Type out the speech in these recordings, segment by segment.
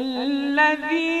الذي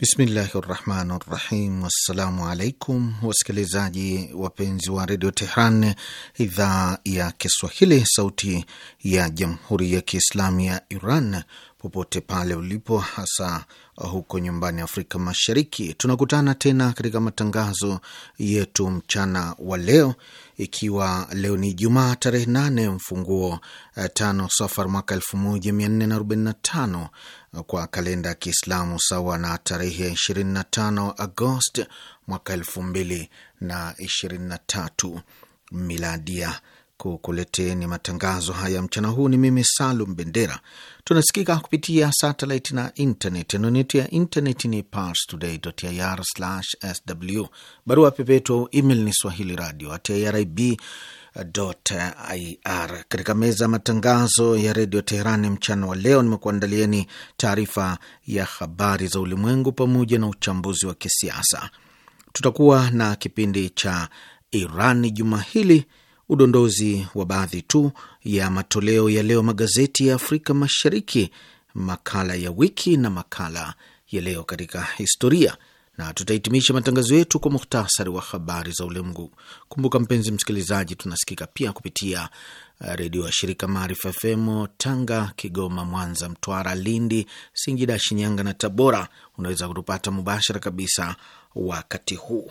Bismillahi rahmani rahim. Wassalamu alaikum wasikilizaji wapenzi wa redio Tehran, idhaa ya Kiswahili, sauti ya jamhuri ya kiislamu ya Iran, popote pale ulipo, hasa huko nyumbani Afrika Mashariki. Tunakutana tena katika matangazo yetu mchana wa leo, ikiwa leo ni Jumaa tarehe nane mfunguo eh, tano Safar mwaka elfu moja mia nne na arobaini na tano eh, kwa kalenda ya Kiislamu, sawa na tarehe ishirini na tano Agosti mwaka elfu mbili na ishirini na tatu miladia kukuleteni matangazo haya mchana huu. Ni mimi Salum Bendera. Tunasikika kupitia satellite na internet. Anwani yetu ya internet ni parstoday.ir/sw, barua pepe yetu email ni swahili radio at irib .ir. Katika meza ya matangazo ya redio Teherani mchana wa leo, nimekuandalieni taarifa ya habari za ulimwengu pamoja na uchambuzi wa kisiasa. Tutakuwa na kipindi cha Irani juma hili udondozi wa baadhi tu ya matoleo ya leo magazeti ya Afrika Mashariki, makala ya wiki na makala ya leo katika historia, na tutahitimisha matangazo yetu kwa muhtasari wa habari za ulimwengu. Kumbuka mpenzi msikilizaji, tunasikika pia kupitia eh, redio ya shirika Maarifa FM Tanga, Kigoma, Mwanza, Mtwara, Lindi, Singida, Shinyanga na Tabora. Unaweza kutupata mubashara kabisa wakati huu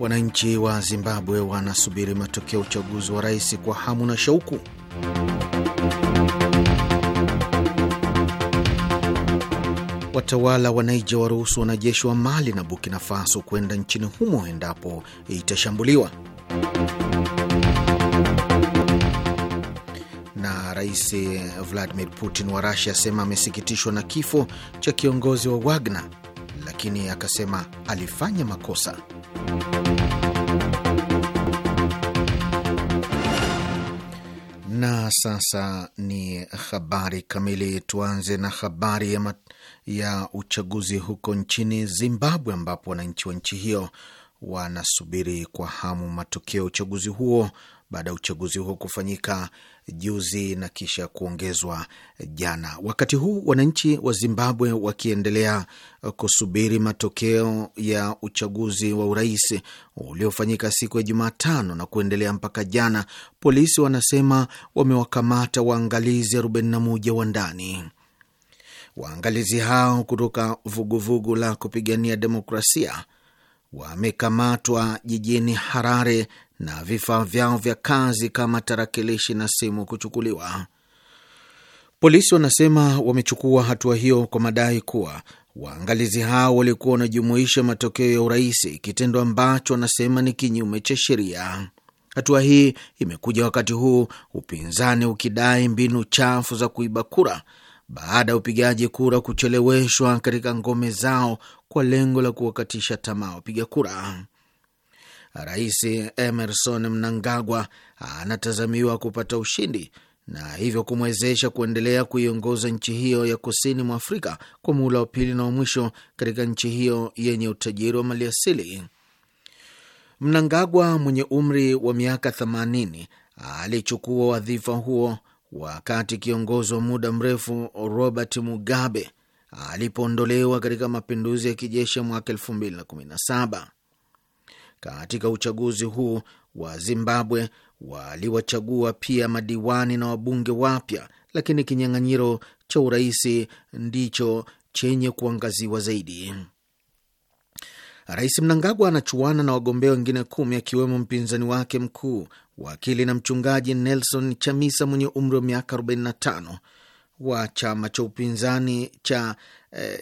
Wananchi wa Zimbabwe wanasubiri matokeo ya uchaguzi wa rais kwa hamu na shauku. Watawala wa Naija waruhusu wanajeshi wa Mali na Burkina Faso kwenda nchini humo endapo itashambuliwa. Na Rais Vladimir Putin wa Rasia asema amesikitishwa na kifo cha kiongozi wa Wagner lakini akasema alifanya makosa. Na sasa ni habari kamili. Tuanze na habari ya, ya uchaguzi huko nchini Zimbabwe, ambapo wananchi wa nchi hiyo wanasubiri kwa hamu matokeo ya uchaguzi huo baada ya uchaguzi huo kufanyika juzi na kisha kuongezwa jana. Wakati huu wananchi wa Zimbabwe wakiendelea kusubiri matokeo ya uchaguzi wa urais uliofanyika siku ya Jumatano na kuendelea mpaka jana, polisi wanasema wamewakamata waangalizi 41 wa ndani. Waangalizi hao kutoka vuguvugu la kupigania demokrasia wamekamatwa jijini Harare na vifaa vyao vya kazi kama tarakilishi na simu kuchukuliwa. Polisi wanasema wamechukua hatua hiyo kwa madai kuwa waangalizi hao walikuwa wanajumuisha matokeo ya urahisi kitendo ambacho wanasema ni kinyume cha sheria. Hatua hii imekuja wakati huu upinzani ukidai mbinu chafu za kuiba kura baada ya upigaji kura kucheleweshwa katika ngome zao kwa lengo la kuwakatisha tamaa wapiga kura. Rais Emerson Mnangagwa anatazamiwa kupata ushindi na hivyo kumwezesha kuendelea kuiongoza nchi hiyo ya kusini mwa Afrika kwa muhula wa pili na wa mwisho katika nchi hiyo yenye utajiri wa maliasili. Mnangagwa mwenye umri wa miaka 80 alichukua wadhifa huo wakati kiongozi wa muda mrefu Robert Mugabe alipoondolewa katika mapinduzi ya kijeshi ya mwaka 2017 katika uchaguzi huu wa Zimbabwe waliwachagua pia madiwani na wabunge wapya, lakini kinyang'anyiro cha urais ndicho chenye kuangaziwa zaidi. Rais Mnangagwa anachuana na wagombea wengine kumi akiwemo mpinzani wake mkuu wakili na mchungaji Nelson Chamisa mwenye umri wa miaka 45 wa chama cha upinzani cha eh,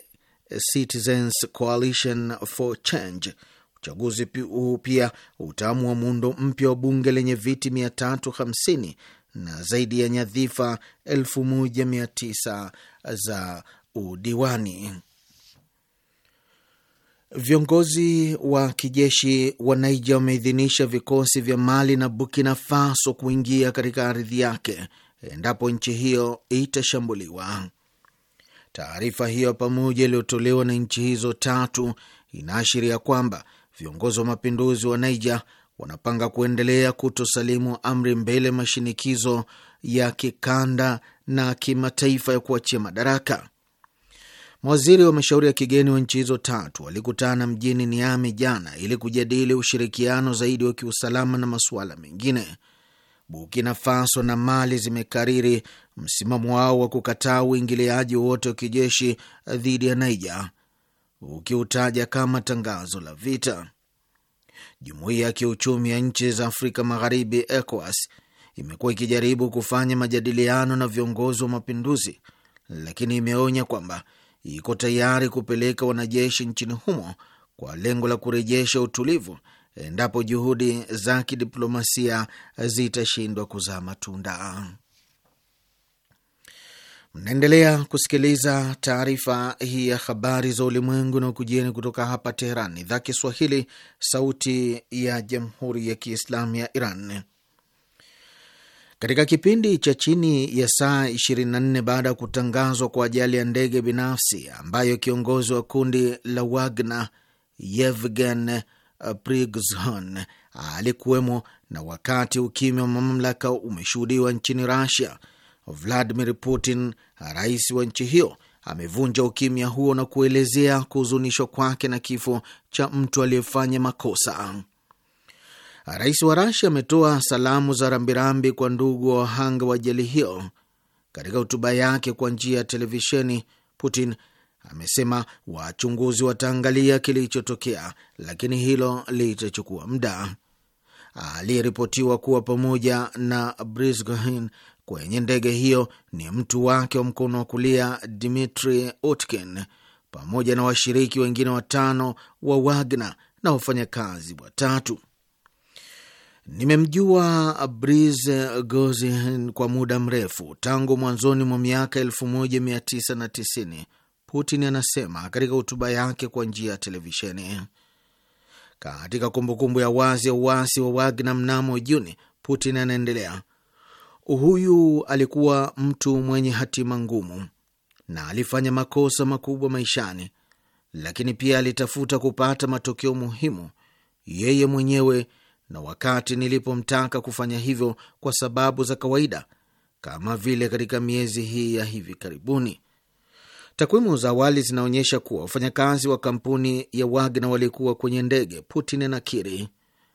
Citizens Coalition for Change Uchaguzi huu pia utaamua muundo mpya wa bunge lenye viti 350 na zaidi ya nyadhifa 1900 za udiwani. Viongozi wa kijeshi wa Naija wameidhinisha vikosi vya Mali na Burkina Faso kuingia katika ardhi yake endapo nchi hiyo itashambuliwa. Taarifa hiyo pamoja iliyotolewa na nchi hizo tatu inaashiria kwamba viongozi wa mapinduzi wa Niger wanapanga kuendelea kutosalimu amri mbele mashinikizo ya kikanda na kimataifa ya kuachia madaraka. Mawaziri wa mashauri ya kigeni wa nchi hizo tatu walikutana mjini Niamey jana ili kujadili ushirikiano zaidi wa kiusalama na masuala mengine. Burkina Faso na Mali zimekariri msimamo wao wa kukataa uingiliaji wowote wa kijeshi dhidi ya Niger ukiutaja kama tangazo la vita. Jumuiya ya Kiuchumi ya Nchi za Afrika Magharibi, ECOWAS, imekuwa ikijaribu kufanya majadiliano na viongozi wa mapinduzi, lakini imeonya kwamba iko tayari kupeleka wanajeshi nchini humo kwa lengo la kurejesha utulivu endapo juhudi za kidiplomasia zitashindwa kuzaa matunda. Mnaendelea kusikiliza taarifa hii ya habari za ulimwengu na ukujieni kutoka hapa Teheran, idhaa Kiswahili, sauti ya jamhuri ya kiislamu ya Iran. Katika kipindi cha chini ya saa 24 baada ya kutangazwa kwa ajali ya ndege binafsi ambayo kiongozi wa kundi la Wagner Yevgen Prigozhin alikuwemo na wakati ukimya wa mamlaka umeshuhudiwa nchini Russia Vladimir Putin, rais wa nchi hiyo, amevunja ukimya huo na kuelezea kuhuzunishwa kwake na kifo cha mtu aliyefanya makosa. Rais wa rasia ametoa salamu za rambirambi kwa ndugu wa wahanga wa ajali hiyo. Katika hotuba yake kwa njia ya televisheni, Putin amesema wachunguzi wataangalia kilichotokea, lakini hilo litachukua muda. Aliyeripotiwa kuwa pamoja na Brisgohin, kwenye ndege hiyo ni mtu wake wa mkono wa kulia Dmitri Utkin pamoja na washiriki wengine watano wa Wagner na wafanyakazi watatu. Nimemjua Brice Gosin kwa muda mrefu tangu mwanzoni mwa miaka 1990, Putin anasema katika hotuba yake kwa njia ya televisheni. Katika kumbukumbu ya wazi ya uasi wa Wagner mnamo Juni, Putin anaendelea Huyu alikuwa mtu mwenye hatima ngumu na alifanya makosa makubwa maishani, lakini pia alitafuta kupata matokeo muhimu yeye mwenyewe, na wakati nilipomtaka kufanya hivyo kwa sababu za kawaida, kama vile katika miezi hii ya hivi karibuni, takwimu za awali zinaonyesha kuwa wafanyakazi wa kampuni ya Wagner walikuwa kwenye ndege Putin anakiri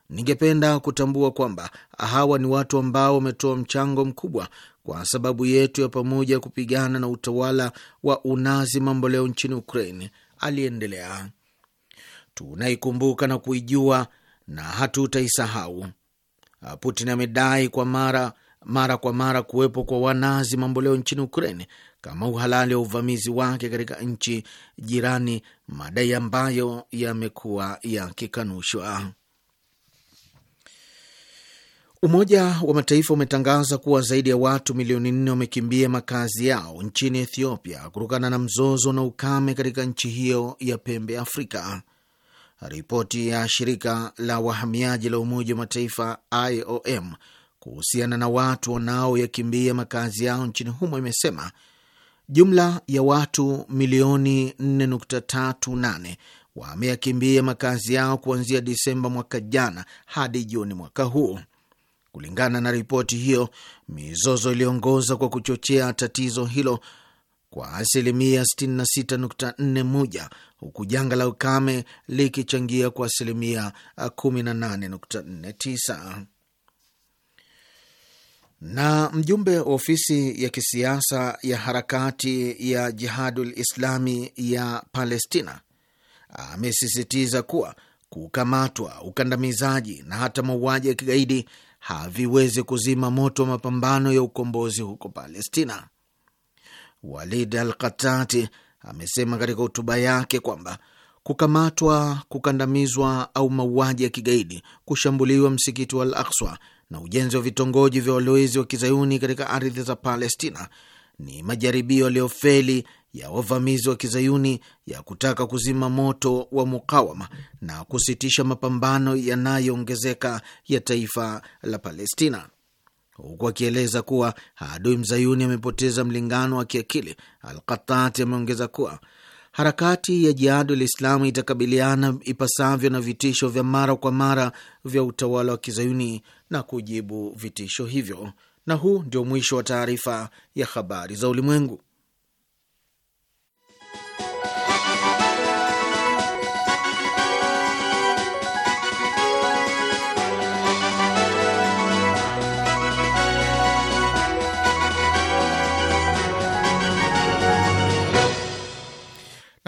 Ningependa kutambua kwamba hawa ni watu ambao wametoa mchango mkubwa kwa sababu yetu ya pamoja kupigana na utawala wa unazi mambo leo nchini Ukraine, aliendelea. Tunaikumbuka na kuijua na hatutaisahau. Putin amedai kwa mara mara kwa mara kuwepo kwa wanazi mambo leo nchini Ukraine kama uhalali wa uvamizi wake katika nchi jirani, madai ambayo yamekuwa yakikanushwa. Umoja wa Mataifa umetangaza kuwa zaidi ya watu milioni nne wamekimbia makazi yao nchini Ethiopia kutokana na mzozo na ukame katika nchi hiyo ya pembe Afrika. Ripoti ya shirika la wahamiaji la Umoja wa Mataifa IOM kuhusiana na watu wanaoyakimbia makazi yao nchini humo imesema jumla ya watu milioni 4.38 wameyakimbia makazi yao kuanzia Disemba mwaka jana hadi Juni mwaka huu. Kulingana na ripoti hiyo, mizozo iliongoza kwa kuchochea tatizo hilo kwa asilimia 66.41 huku janga la ukame likichangia kwa asilimia 18.49. Na mjumbe wa ofisi ya kisiasa ya harakati ya Jihadul Islami ya Palestina amesisitiza kuwa kukamatwa, ukandamizaji na hata mauaji ya kigaidi haviwezi kuzima moto wa mapambano ya ukombozi huko Palestina. Walid al Katati amesema katika hotuba yake kwamba kukamatwa, kukandamizwa au mauaji ya kigaidi, kushambuliwa msikiti wa Al Akswa na ujenzi wa vitongoji vya walowezi wa kizayuni katika ardhi za Palestina ni majaribio yaliyofeli ya wavamizi wa kizayuni ya kutaka kuzima moto wa mukawama na kusitisha mapambano yanayoongezeka ya taifa la Palestina, huku akieleza kuwa adui mzayuni amepoteza mlingano wa kiakili. alkatati ameongeza kuwa harakati ya Jihadu islamu itakabiliana ipasavyo na vitisho vya mara kwa mara vya utawala wa kizayuni na kujibu vitisho hivyo. Na huu ndio mwisho wa taarifa ya habari za ulimwengu.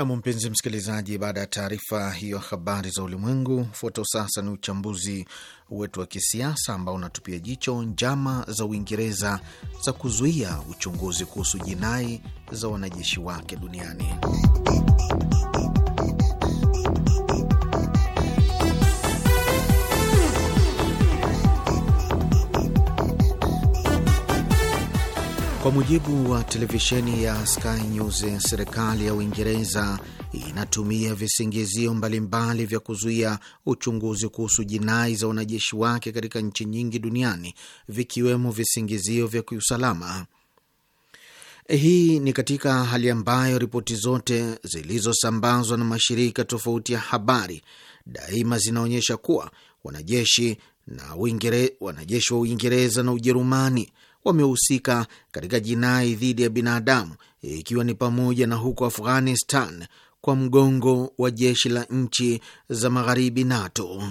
Nam, mpenzi msikilizaji, baada ya taarifa hiyo habari za ulimwengu, foto sasa ni uchambuzi wetu wa kisiasa ambao unatupia jicho njama za Uingereza za kuzuia uchunguzi kuhusu jinai za wanajeshi wake duniani Kwa mujibu wa televisheni ya Sky News, serikali ya Uingereza inatumia visingizio mbalimbali vya kuzuia uchunguzi kuhusu jinai za wanajeshi wake katika nchi nyingi duniani vikiwemo visingizio vya kiusalama. Hii ni katika hali ambayo ripoti zote zilizosambazwa na mashirika tofauti ya habari daima zinaonyesha kuwa wanajeshi na wanajeshi wa Uingereza na Ujerumani wamehusika katika jinai dhidi ya binadamu ikiwa ni pamoja na huko Afghanistan kwa mgongo wa jeshi la nchi za magharibi NATO.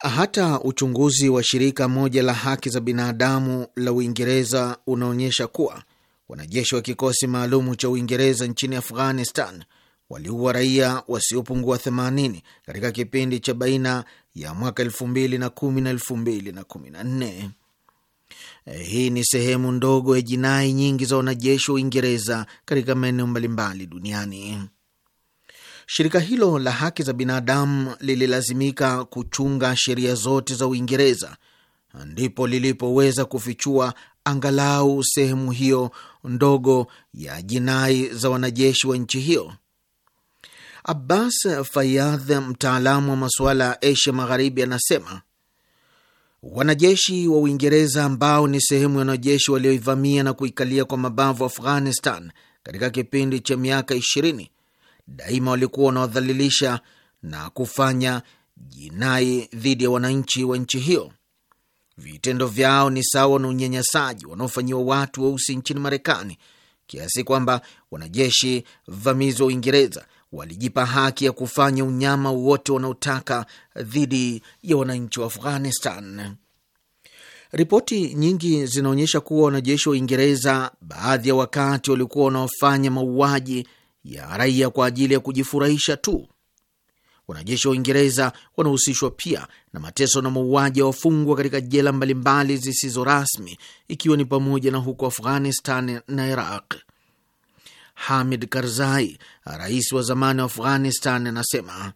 Hata uchunguzi wa shirika moja la haki za binadamu la Uingereza unaonyesha kuwa wanajeshi wa kikosi maalum cha Uingereza nchini Afghanistan waliua raia wasiopungua 80 katika kipindi cha baina ya mwaka 2010 na 2014. Eh, hii ni sehemu ndogo ya jinai nyingi za wanajeshi wa Uingereza katika maeneo mbalimbali duniani. Shirika hilo la haki za binadamu lililazimika kuchunga sheria zote za Uingereza, ndipo lilipoweza kufichua angalau sehemu hiyo ndogo ya jinai za wanajeshi wa nchi hiyo. Abbas Fayadh, mtaalamu wa masuala ya Asia Magharibi, anasema Wanajeshi wa Uingereza ambao ni sehemu ya wanajeshi walioivamia na kuikalia kwa mabavu Afghanistan katika kipindi cha miaka 20 daima walikuwa wanaodhalilisha na kufanya jinai dhidi ya wananchi wa nchi hiyo. Vitendo vyao ni sawa na unyanyasaji wanaofanyiwa watu weusi wa nchini Marekani, kiasi kwamba wanajeshi vamizi wa Uingereza walijipa haki ya kufanya unyama wote wanaotaka dhidi ya wananchi wa Afghanistan. Ripoti nyingi zinaonyesha kuwa wanajeshi wa Uingereza baadhi ya wakati walikuwa wanaofanya mauaji ya raia kwa ajili ya kujifurahisha tu. Wanajeshi wa Uingereza wanahusishwa pia na mateso na mauaji ya wafungwa katika jela mbalimbali zisizo rasmi, ikiwa ni pamoja na huko Afghanistan na Iraq. Hamid Karzai, rais wa zamani wa Afghanistan, anasema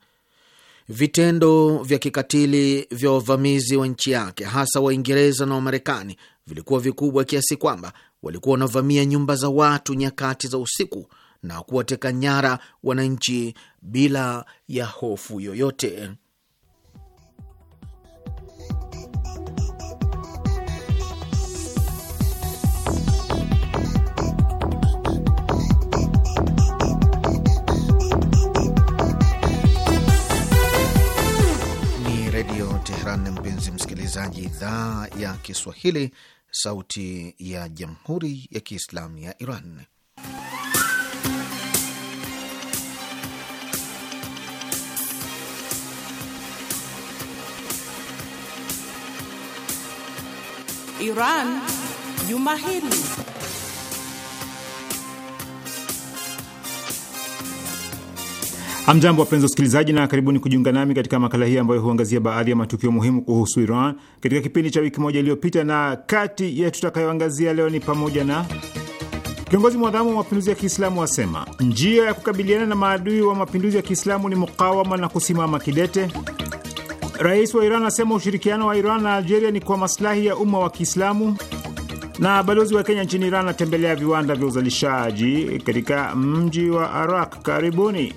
vitendo vya kikatili vya wavamizi wa nchi yake hasa Waingereza na Wamarekani vilikuwa vikubwa kiasi kwamba walikuwa wanavamia nyumba za watu nyakati za usiku na kuwateka nyara wananchi bila ya hofu yoyote. msikilizaji, idhaa ya Kiswahili, sauti ya jamhuri ya kiislamu ya Iran. Iran Juma Hili. Hamjambo, wapenzi wasikilizaji, na karibuni kujiunga nami katika makala hii ambayo huangazia baadhi ya matukio muhimu kuhusu Iran katika kipindi cha wiki moja iliyopita, na kati ya tutakayoangazia leo ni pamoja na kiongozi mwadhamu wa mapinduzi ya Kiislamu asema njia ya kukabiliana na maadui wa mapinduzi ya Kiislamu ni mukawama na kusimama kidete. Rais wa Iran asema ushirikiano wa Iran na Algeria ni kwa maslahi ya umma wa Kiislamu, na balozi wa Kenya nchini Iran anatembelea viwanda vya uzalishaji katika mji wa Arak. Karibuni.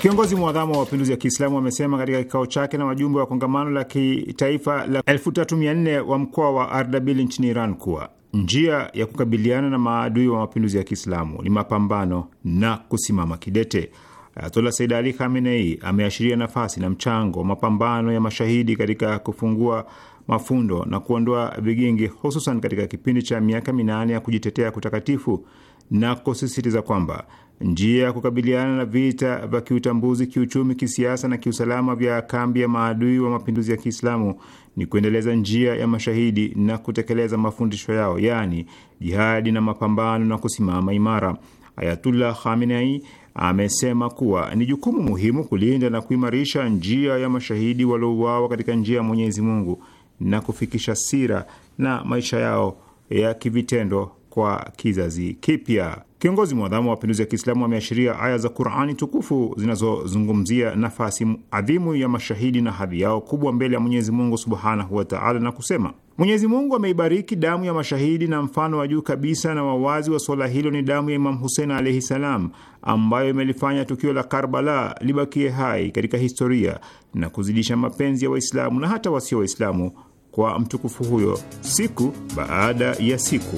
Kiongozi mwadhamu wa mapinduzi ya Kiislamu amesema katika kikao chake na wajumbe wa kongamano la kitaifa la 3400 wa mkoa wa Ardabil nchini Iran kuwa njia ya kukabiliana na maadui wa mapinduzi ya Kiislamu ni mapambano na kusimama kidete. Ayatola Said Ali Khamenei ameashiria nafasi na mchango wa mapambano ya mashahidi katika kufungua mafundo na kuondoa vigingi, hususan katika kipindi cha miaka minane ya kujitetea kutakatifu na kusisitiza kwamba Njia ya kukabiliana na vita vya kiutambuzi, kiuchumi, kisiasa na kiusalama vya kambi ya maadui wa mapinduzi ya Kiislamu ni kuendeleza njia ya mashahidi na kutekeleza mafundisho yao, yaani jihadi na mapambano na kusimama imara. Ayatullah Khamenei amesema kuwa ni jukumu muhimu kulinda na kuimarisha njia ya mashahidi waliouawa katika njia ya Mwenyezi Mungu na kufikisha sira na maisha yao ya kivitendo kwa kizazi kipya. Kiongozi mwadhamu wa mapinduzi ya Kiislamu ameashiria aya za Qurani tukufu zinazozungumzia nafasi adhimu ya mashahidi na hadhi yao kubwa mbele ya Mwenyezi Mungu subhanahu wataala, na kusema Mwenyezi Mungu ameibariki damu ya mashahidi, na mfano wa juu kabisa na wawazi wa suala hilo ni damu ya Imam Husein alaihi salam, ambayo imelifanya tukio la Karbala libakie hai katika historia na kuzidisha mapenzi ya Waislamu na hata wasio Waislamu kwa mtukufu huyo siku baada ya siku.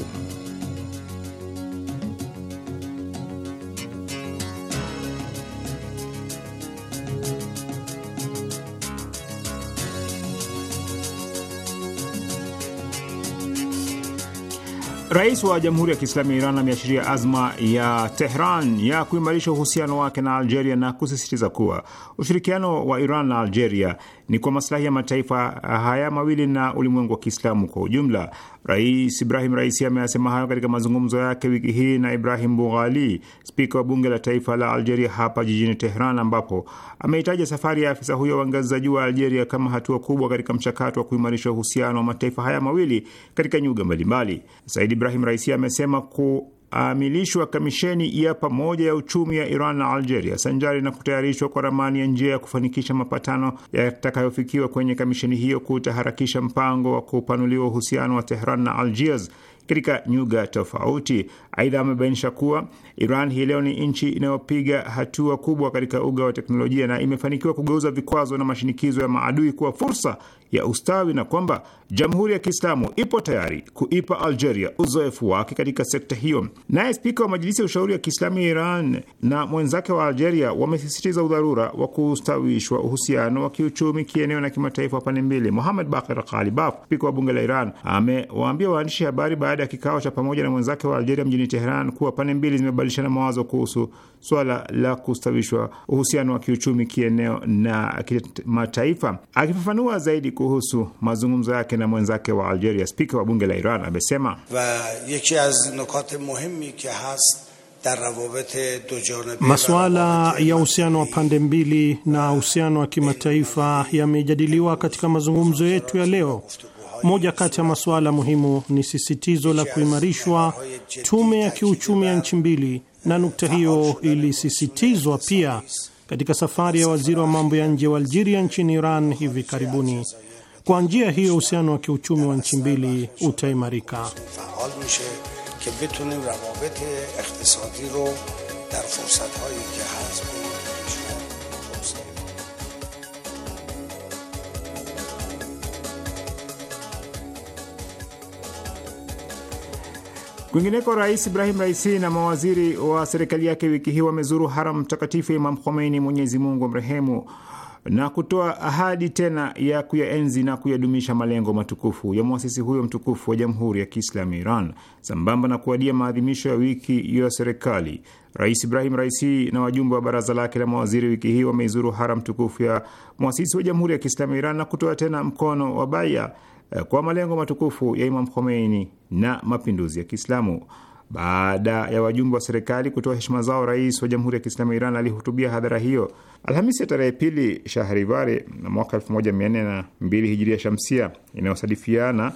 Rais wa Jamhuri ya Kiislamu ya Iran ameashiria azma ya Tehran ya kuimarisha uhusiano wake na Algeria na kusisitiza kuwa ushirikiano wa Iran na Algeria ni kwa maslahi ya mataifa haya mawili na ulimwengu wa Kiislamu kwa ujumla. Rais Ibrahim Raisi ameyasema hayo katika mazungumzo yake wiki hii na Ibrahim Bughali, spika wa bunge la taifa la Algeria hapa jijini Tehran, ambapo ameitaja safari ya afisa huyo wa ngazi za juu wa Algeria kama hatua kubwa katika mchakato wa kuimarisha uhusiano wa mataifa haya mawili katika nyuga mbalimbali. Said Ibrahim Raisi amesema ku aamilishwa kamisheni ya pamoja ya uchumi ya Iran na Algeria sanjari na kutayarishwa kwa ramani ya njia ya kufanikisha mapatano yatakayofikiwa kwenye kamisheni hiyo kutaharakisha mpango wa kupanuliwa uhusiano wa Tehran na Algiers katika nyuga tofauti. Aidha, amebainisha kuwa Iran hii leo ni nchi inayopiga hatua kubwa katika uga wa teknolojia na imefanikiwa kugeuza vikwazo na mashinikizo ya maadui kuwa fursa ya ustawi na kwamba Jamhuri ya Kiislamu ipo tayari kuipa Algeria uzoefu wake katika sekta hiyo. Naye spika wa Majilisi ya Ushauri ya Kiislamu ya Iran na mwenzake wa Algeria wamesisitiza udharura wa kustawishwa uhusiano wa kiuchumi, kieneo na kimataifa wa pande mbili. muhamed Bakir Kalibaf, spika wa bunge la Iran, amewaambia waandishi habari baada ya kikao cha pamoja na mwenzake wa Algeria mjini Teheran kuwa pande mbili zimebadilishana mawazo kuhusu swala la kustawishwa uhusiano wa kiuchumi kieneo na kimataifa. Akifafanua zaidi kuhusu mazungumzo yake na mwenzake wa Algeria, spika wa bunge la Iran amesema masuala ya uhusiano wa pande mbili na uhusiano wa kimataifa yamejadiliwa katika mazungumzo yetu ya leo. Moja kati ya masuala muhimu ni sisitizo la kuimarishwa tume ya kiuchumi ya nchi mbili na nukta hiyo ilisisitizwa pia katika safari ya waziri wa mambo ya nje wa Algeria nchini Iran hivi karibuni. Kwa njia hiyo uhusiano wa kiuchumi wa nchi mbili utaimarika. Kwingineko, Rais Ibrahim Raisi na mawaziri wa serikali yake wiki hii wamezuru haram mtakatifu ya Imam Khomeini, Mwenyezi Mungu amrehemu, na kutoa ahadi tena ya kuyaenzi na kuyadumisha malengo matukufu ya mwasisi huyo mtukufu wa Jamhuri ya Kiislamu Iran. Sambamba na kuadia maadhimisho ya wiki ya serikali, Rais Ibrahim Raisi na wajumbe wa baraza lake la mawaziri wiki hii wameizuru haram tukufu ya mwasisi wa Jamhuri ya Kiislamu Iran na kutoa tena mkono wa baia Eh, kwa malengo matukufu ya Imam Khomeini na mapinduzi ya Kiislamu. Baada ya wajumbe wa serikali kutoa heshima zao, rais wa Jamhuri ya Kiislamu ya Iran alihutubia hadhara hiyo Alhamisi ya tarehe pili Shahrivari mwaka mbili hijiria shamsia inayosadifiana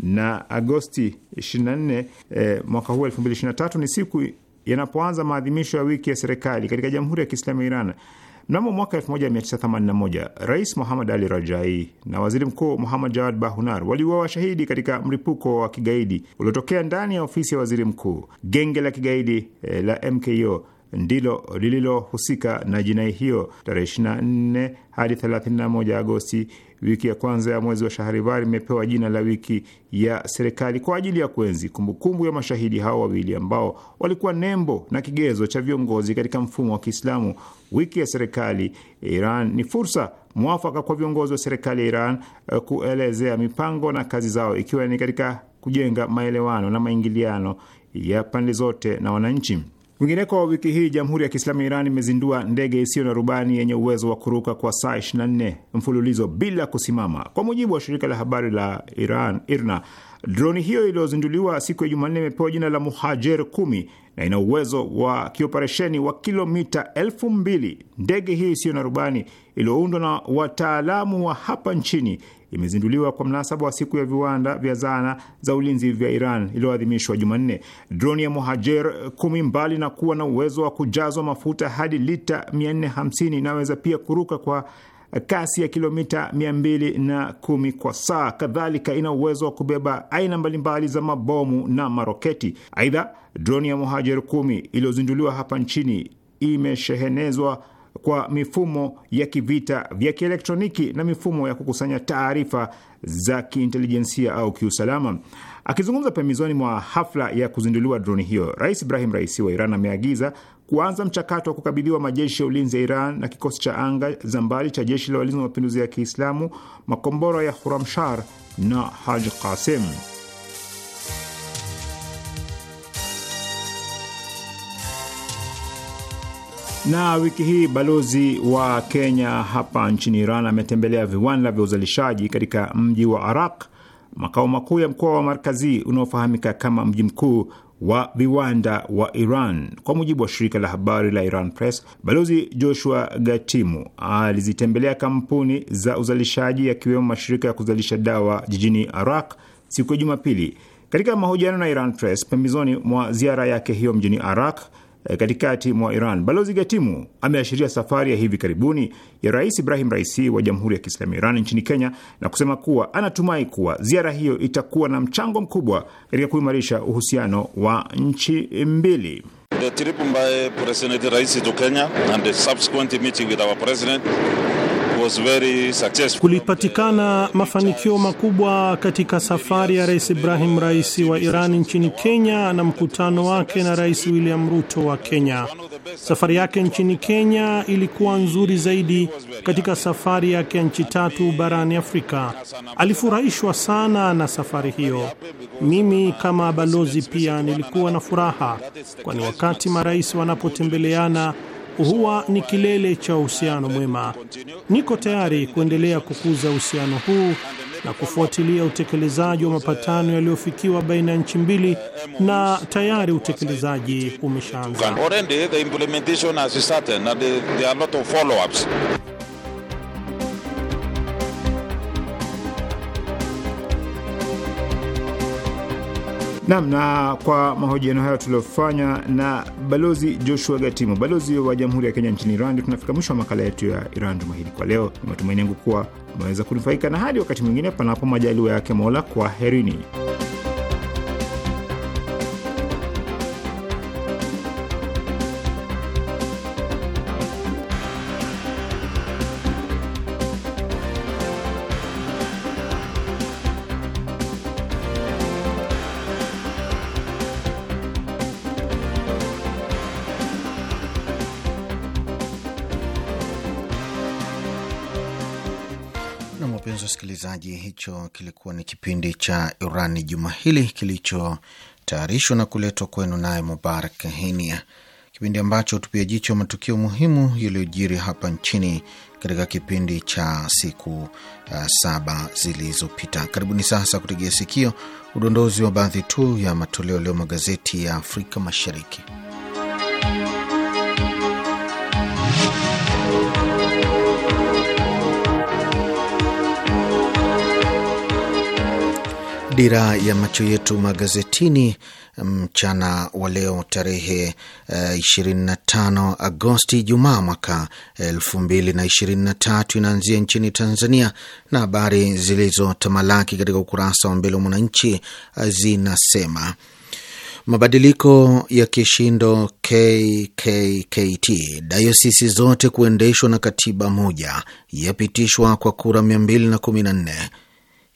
na Agosti 24 eh, mwaka huu tatu Ni siku yanapoanza maadhimisho ya wiki ya serikali katika Jamhuri ya Kiislamu ya Iran. Mnamo mwaka 1981 Rais muhamad Ali Rajai na waziri mkuu muhamad Jawad Bahunar waliuawa shahidi katika mlipuko wa kigaidi uliotokea ndani ya ofisi ya waziri mkuu. Genge la kigaidi eh, la MKO ndilo lililohusika na jinai hiyo tarehe 24 hadi 31 Agosti wiki ya kwanza ya mwezi wa Shahrivar imepewa jina la wiki ya serikali kwa ajili ya kuenzi kumbukumbu ya mashahidi hao wawili ambao walikuwa nembo na kigezo cha viongozi katika mfumo wa Kiislamu. Wiki ya serikali ya Iran ni fursa mwafaka kwa viongozi wa serikali ya Iran eh, kuelezea mipango na kazi zao, ikiwa ni katika kujenga maelewano na maingiliano ya pande zote na wananchi. Kwingineko, wiki hii Jamhuri ya Kiislamu ya Iran imezindua ndege isiyo na rubani yenye uwezo wa kuruka kwa saa 24 mfululizo bila kusimama. Kwa mujibu wa shirika la habari la Iran IRNA, droni hiyo iliyozinduliwa siku ya Jumanne imepewa jina la Muhajer kumi na ina uwezo wa kioperesheni wa kilomita elfu mbili. Ndege hii isiyo na rubani iliyoundwa na wataalamu wa hapa nchini imezinduliwa kwa mnasaba wa siku ya viwanda vya zana za ulinzi vya Iran iliyoadhimishwa Jumanne. Droni ya Mohajer kumi, mbali na kuwa na uwezo wa kujazwa mafuta hadi lita 450, inaweza pia kuruka kwa kasi ya kilomita 210 kwa saa. Kadhalika ina uwezo wa kubeba aina mbalimbali za mabomu na maroketi. Aidha, droni ya Muhajir 1 iliyozinduliwa hapa nchini imeshehenezwa kwa mifumo ya kivita vya kielektroniki na mifumo ya kukusanya taarifa za kiintelijensia au kiusalama. Akizungumza pembezoni mwa hafla ya kuzinduliwa droni hiyo, Rais Ibrahim Raisi wa Iran ameagiza kuanza mchakato wa kukabidhiwa majeshi ya ulinzi ya Iran na kikosi cha anga za mbali cha jeshi la walinzi wa mapinduzi ya Kiislamu makombora ya Huramshar na Haj Qasim. Na wiki hii balozi wa Kenya hapa nchini Iran ametembelea viwanda vya uzalishaji katika mji wa araq makao makuu ya mkoa wa Markazi unaofahamika kama mji mkuu wa viwanda wa Iran. Kwa mujibu wa shirika la habari la Iran Press, balozi Joshua Gatimu alizitembelea kampuni za uzalishaji yakiwemo mashirika ya kuzalisha dawa jijini Arak siku ya Jumapili. Katika mahojiano na Iran Press pembezoni mwa ziara yake hiyo mjini Arak, Eh, katikati mwa Iran. Balozi Gatimu ameashiria safari ya hivi karibuni ya Rais Ibrahim Raisi wa Jamhuri ya Kiislamu Iran nchini Kenya na kusema kuwa anatumai kuwa ziara hiyo itakuwa na mchango mkubwa katika kuimarisha uhusiano wa nchi mbili. The trip by President Raisi to Kenya and the subsequent meeting with our president was very successful. Kulipatikana mafanikio makubwa katika safari ya Rais Ibrahim Raisi wa Iran nchini Kenya na mkutano wake na Rais William Ruto wa Kenya. Safari yake nchini Kenya ilikuwa nzuri zaidi katika safari yake ya nchi tatu barani Afrika. Alifurahishwa sana na safari hiyo. Mimi kama balozi pia nilikuwa na furaha, kwani wakati marais wanapotembeleana huwa ni kilele cha uhusiano mwema. Niko tayari kuendelea kukuza uhusiano huu na kufuatilia utekelezaji wa mapatano yaliyofikiwa baina ya nchi mbili, na tayari utekelezaji umeshaanza. Nam, na kwa mahojiano hayo tuliofanya na Balozi Joshua Gatimo, balozi wa Jamhuri ya Kenya nchini Iran, tunafika mwisho wa makala yetu ya Iran juma hili kwa leo. Ni matumaini yangu kuwa umeweza kunufaika, na hadi wakati mwingine, panapo majaliwa yake Mola, kwa herini. hicho kilikuwa ni kipindi cha iran juma hili kilichotayarishwa na kuletwa kwenu naye Mubarak henia kipindi ambacho tupia jicho matukio muhimu yaliyojiri hapa nchini katika kipindi cha siku uh, saba zilizopita. Karibuni sasa kutegea sikio udondozi wa baadhi tu ya matoleo leo magazeti ya Afrika Mashariki. dira ya macho yetu magazetini mchana wa leo tarehe uh, eh, 25 Agosti Jumaa mwaka 2023 inaanzia nchini Tanzania, na habari zilizotamalaki katika ukurasa wa mbele wa Mwananchi zinasema mabadiliko ya kishindo KKKT, dayosisi zote kuendeshwa na katiba moja, yapitishwa kwa kura 214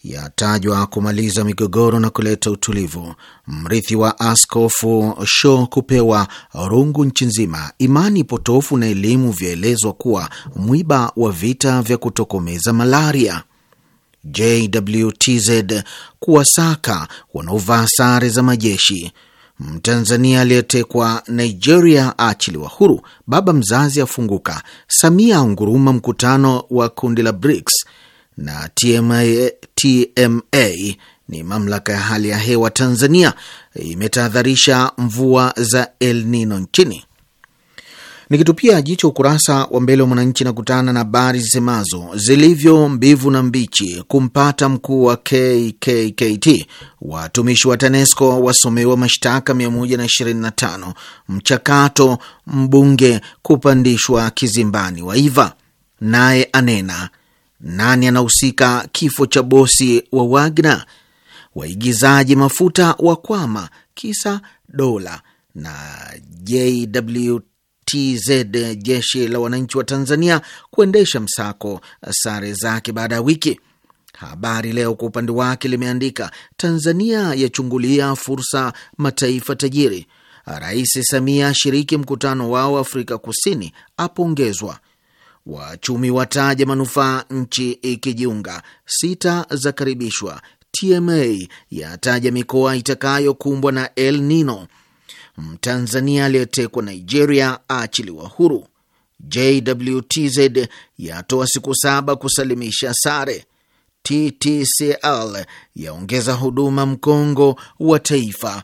yatajwa kumaliza migogoro na kuleta utulivu. Mrithi wa Askofu Sho kupewa rungu nchi nzima. Imani potofu na elimu vyaelezwa kuwa mwiba wa vita vya kutokomeza malaria. JWTZ kuwasaka wanaovaa sare za majeshi. Mtanzania aliyetekwa Nigeria aachiliwa huru. Baba mzazi afunguka. Samia anguruma mkutano wa kundi la BRICS na TMA, TMA ni mamlaka ya hali ya hewa Tanzania imetahadharisha mvua za El Nino nchini. Nikitupia jicho ukurasa wa mbele wa Mwananchi na kutana na habari zisemazo zilivyo mbivu na mbichi kumpata mkuu wa KKKT. Watumishi wa TANESCO wasomewa mashtaka 125. Mchakato mbunge kupandishwa kizimbani waiva, naye anena nani anahusika kifo cha bosi wa Wagner? Waigizaji mafuta wa kwama kisa dola na JWTZ, jeshi la wananchi wa Tanzania kuendesha msako sare zake baada ya wiki. Habari Leo kwa upande wake limeandika Tanzania yachungulia fursa mataifa tajiri. Rais Samia ashiriki mkutano wao Afrika Kusini, apongezwa. Wachumi wataja manufaa nchi ikijiunga. Sita za karibishwa. TMA yataja mikoa itakayokumbwa na El Nino. Mtanzania aliyetekwa Nigeria aachiliwa huru. JWTZ yatoa siku saba kusalimisha sare. TTCL yaongeza huduma mkongo wa taifa.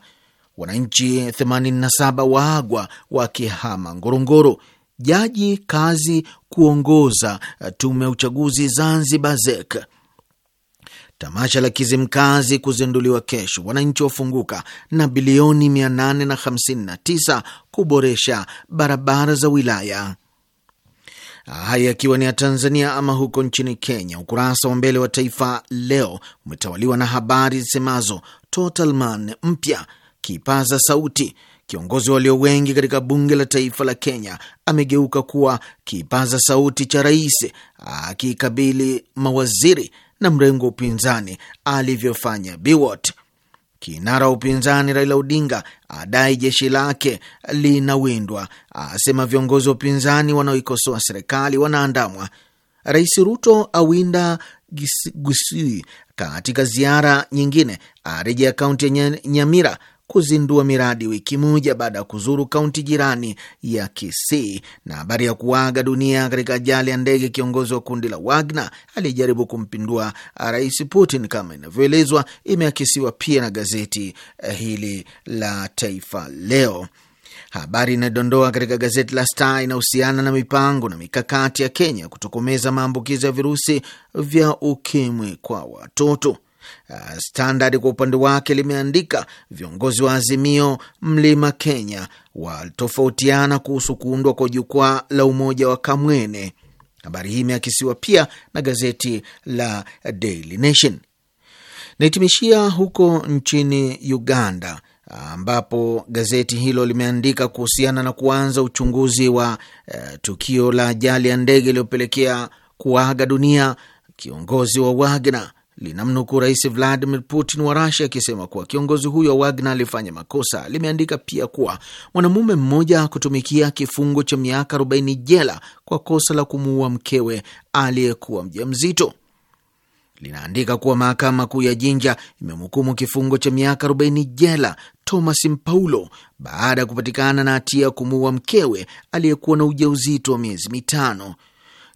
Wananchi 87 waagwa wakihama Ngorongoro jaji kazi kuongoza uh, tume ya uchaguzi Zanzibar ZEK. Tamasha la Kizimkazi kuzinduliwa kesho, wananchi wafunguka na bilioni 859 kuboresha barabara za wilaya. Haya akiwa ni ya Tanzania. Ama huko nchini Kenya, ukurasa wa mbele wa Taifa Leo umetawaliwa na habari zisemazo Total Man mpya, Kipaza Sauti, kiongozi walio wengi katika bunge la taifa la Kenya amegeuka kuwa kipaza sauti cha rais, akikabili mawaziri na mrengo wa upinzani alivyofanya Biwot. Kinara wa upinzani Raila Odinga adai jeshi lake linawindwa, asema viongozi wa upinzani wanaoikosoa serikali wanaandamwa. Rais Ruto awinda Gusii katika ziara nyingine, arejea kaunti ya Nyamira kuzindua miradi wiki moja baada ya kuzuru kaunti jirani ya Kisii. Na habari ya kuaga dunia katika ajali ya ndege kiongozi wa kundi la Wagner aliyejaribu kumpindua Rais Putin kama inavyoelezwa, imeakisiwa pia na gazeti eh, hili la Taifa Leo. Habari inayodondoa katika gazeti la Star inahusiana na mipango na mikakati ya Kenya kutokomeza maambukizo ya virusi vya ukimwi kwa watoto. Uh, Standard kwa upande wake limeandika viongozi wa Azimio Mlima Kenya watofautiana kuhusu kuundwa kwa jukwaa la umoja wa Kamwene. Habari hii imeakisiwa pia na gazeti la Daily Nation. Naitimishia huko nchini Uganda ambapo gazeti hilo limeandika kuhusiana na kuanza uchunguzi wa eh, tukio la ajali ya ndege iliyopelekea kuaga dunia kiongozi wa Wagner linamnukuu Rais Vladimir Putin wa Rasia akisema kuwa kiongozi huyo wa Wagner alifanya makosa. Limeandika pia kuwa mwanamume mmoja kutumikia kifungo cha miaka 40 jela kwa kosa la kumuua mkewe aliyekuwa mjamzito. Linaandika kuwa mahakama kuu ya Jinja imemhukumu kifungo cha miaka 40 jela Thomas Mpaulo baada ya kupatikana na hatia ya kumuua mkewe aliyekuwa na ujauzito wa miezi mitano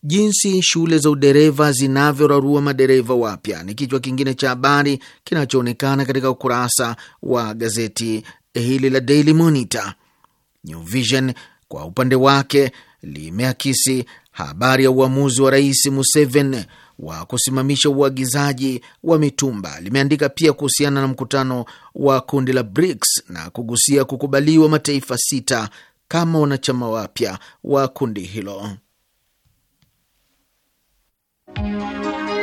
jinsi shule za udereva zinavyorarua madereva wapya ni kichwa kingine cha habari kinachoonekana katika ukurasa wa gazeti hili la Daily Monitor. New Vision kwa upande wake limeakisi habari ya uamuzi wa Rais Museveni wa kusimamisha uagizaji wa mitumba. Limeandika pia kuhusiana na mkutano wa kundi la BRICS na kugusia kukubaliwa mataifa sita kama wanachama wapya wa kundi hilo. Música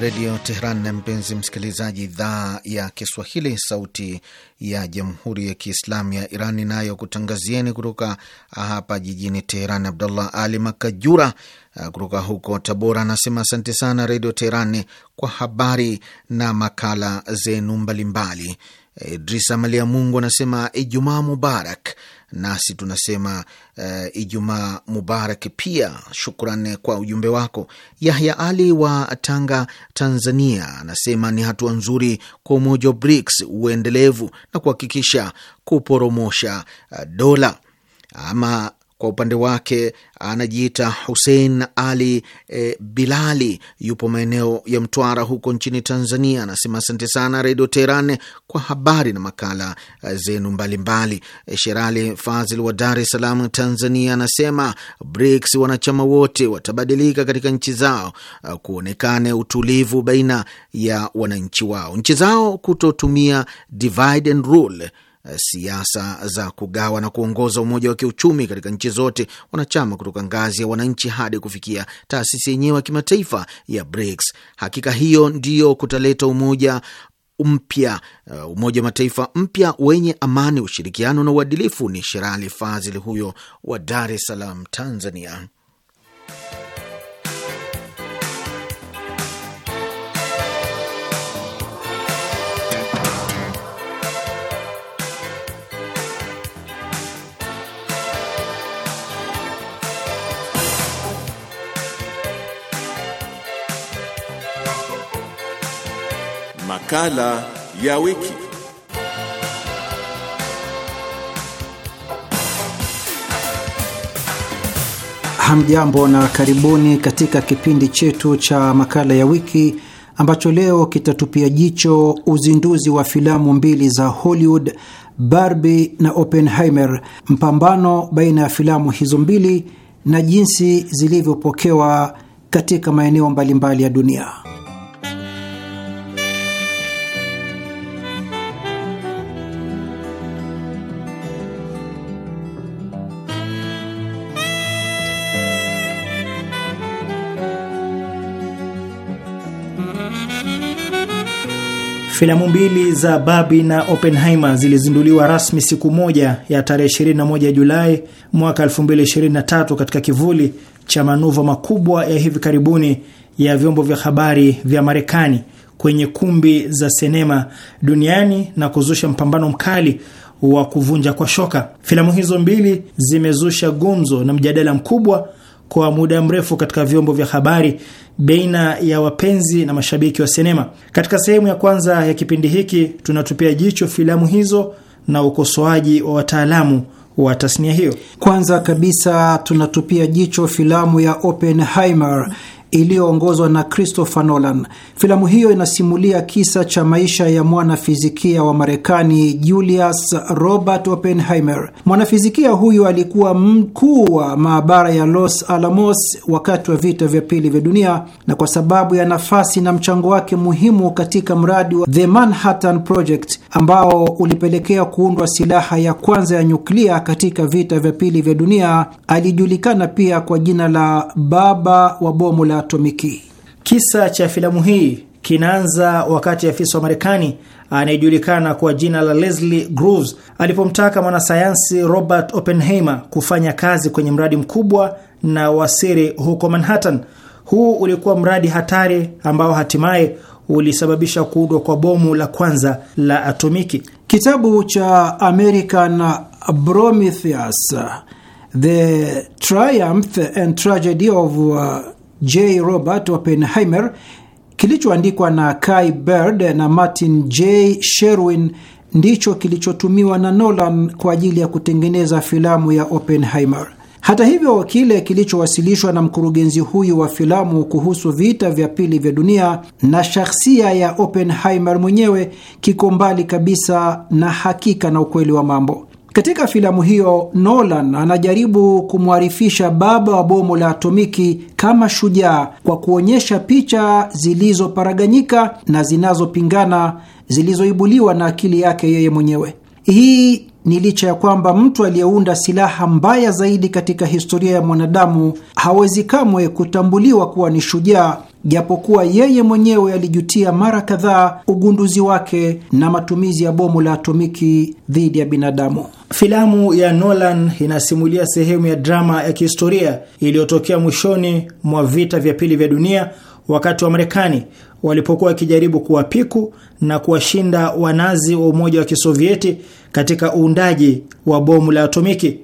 Redio Tehran na mpenzi msikilizaji, idhaa ya Kiswahili, sauti ya jamhuri ya Kiislamu ya Iran inayokutangazieni kutoka hapa jijini Teheran. Abdullah Ali Makajura uh, kutoka huko Tabora anasema asante sana Redio Teheran kwa habari na makala zenu mbalimbali. Idrisa Malia Mungu anasema Ijumaa Mubarak, nasi tunasema uh, Ijumaa Mubarak pia. Shukran kwa ujumbe wako. Yahya Ali wa Tanga, Tanzania, anasema ni hatua nzuri kwa umoja wa BRICS uendelevu na kuhakikisha kuporomosha uh, eh, dola ama kwa upande wake anajiita Hussein Ali e, Bilali, yupo maeneo ya Mtwara huko nchini Tanzania. Anasema asante sana Redio Teheran kwa habari na makala e, zenu mbalimbali. E, Sherali Fazil wa Dar es Salaam, Tanzania, anasema BRICS wanachama wote watabadilika katika nchi zao, e, kuonekane utulivu baina ya wananchi wao, nchi zao kutotumia divide and rule Eh, siasa za kugawa na kuongoza umoja wa kiuchumi katika nchi zote wanachama kutoka ngazi ya wananchi hadi kufikia taasisi yenyewe ya kimataifa ya BRICS. Hakika hiyo ndiyo kutaleta umoja mpya eh, Umoja wa Mataifa mpya wenye amani, ushirikiano na uadilifu. Ni Sherali Fazil huyo wa Dar es Salaam, Tanzania. makala ya wiki. Hamjambo na karibuni katika kipindi chetu cha makala ya wiki ambacho leo kitatupia jicho uzinduzi wa filamu mbili za Hollywood, Barbie na Oppenheimer, mpambano baina ya filamu hizo mbili na jinsi zilivyopokewa katika maeneo mbalimbali ya dunia. Filamu mbili za Barbie na Oppenheimer zilizinduliwa rasmi siku moja ya tarehe 21 Julai mwaka 2023 katika kivuli cha manuva makubwa ya hivi karibuni ya vyombo vya habari vya Marekani kwenye kumbi za sinema duniani na kuzusha mpambano mkali wa kuvunja kwa shoka. Filamu hizo mbili zimezusha gumzo na mjadala mkubwa kwa muda mrefu katika vyombo vya habari baina ya wapenzi na mashabiki wa sinema. Katika sehemu ya kwanza ya kipindi hiki tunatupia jicho filamu hizo na ukosoaji wa wataalamu wa tasnia hiyo. Kwanza kabisa tunatupia jicho filamu ya Oppenheimer iliyoongozwa na Christopher Nolan. Filamu hiyo inasimulia kisa cha maisha ya mwanafizikia wa Marekani Julius Robert Oppenheimer. Mwanafizikia huyu alikuwa mkuu wa maabara ya Los Alamos wakati wa vita vya pili vya dunia, na kwa sababu ya nafasi na mchango wake muhimu katika mradi wa The Manhattan Project ambao ulipelekea kuundwa silaha ya kwanza ya nyuklia katika vita vya pili vya dunia, alijulikana pia kwa jina la baba wa bomu la atomiki. Kisa cha filamu hii kinaanza wakati afisa wa Marekani anayejulikana kwa jina la Leslie Groves alipomtaka mwanasayansi Robert Oppenheimer kufanya kazi kwenye mradi mkubwa na wasiri huko Manhattan. Huu ulikuwa mradi hatari ambao hatimaye ulisababisha kuundwa kwa bomu la kwanza la atomiki. Kitabu cha American Prometheus, The Triumph and Tragedy of uh, J Robert Oppenheimer kilichoandikwa na Kai Bird na Martin J Sherwin ndicho kilichotumiwa na Nolan kwa ajili ya kutengeneza filamu ya Oppenheimer. Hata hivyo, kile kilichowasilishwa na mkurugenzi huyu wa filamu kuhusu vita vya pili vya dunia na shahsia ya Oppenheimer mwenyewe kiko mbali kabisa na hakika na ukweli wa mambo. Katika filamu hiyo, Nolan anajaribu kumwarifisha baba wa bomu la atomiki kama shujaa kwa kuonyesha picha zilizoparaganyika na zinazopingana zilizoibuliwa na akili yake yeye mwenyewe. Hii ni licha ya kwamba mtu aliyeunda silaha mbaya zaidi katika historia ya mwanadamu hawezi kamwe kutambuliwa kuwa ni shujaa, japokuwa yeye mwenyewe alijutia mara kadhaa ugunduzi wake na matumizi ya bomu la atomiki dhidi ya binadamu. Filamu ya Nolan inasimulia sehemu ya drama ya kihistoria iliyotokea mwishoni mwa vita vya pili vya dunia wakati wa Marekani walipokuwa wakijaribu kuwapiku na kuwashinda wanazi wa Umoja wa Kisovieti katika uundaji wa bomu la atomiki.